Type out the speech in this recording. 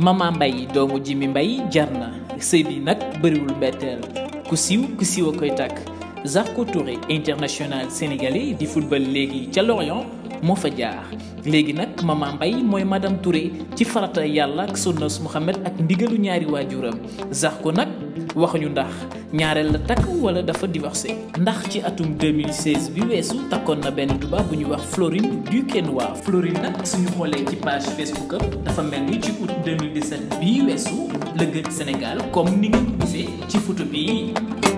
Mama Mbaye doomu Jimi mbay jar na sëy nag bëriwul mbetteel ku siiw ku siiw a koy takk Zarko Touré international sénégalais di football léegi ca Lorient moo fa jaar léegi nag ma mama mbay mooy madame ture ci farata yàlla ak sunnas Muhammad ak ndigalu ñaari waajuram Zarko nag waxuñu ndax ñaareel la takk wala dafa divorcé ndax ci atum 2016 bi weesu takkoon na benn tubaab bu ñuy wax Florine Duquesnoy Florine nag suñu xoolee ci page Facebook am dafa mel ni ci août 2017 bii weesu la gën Sénégal comme ni nga ko ci photo bii.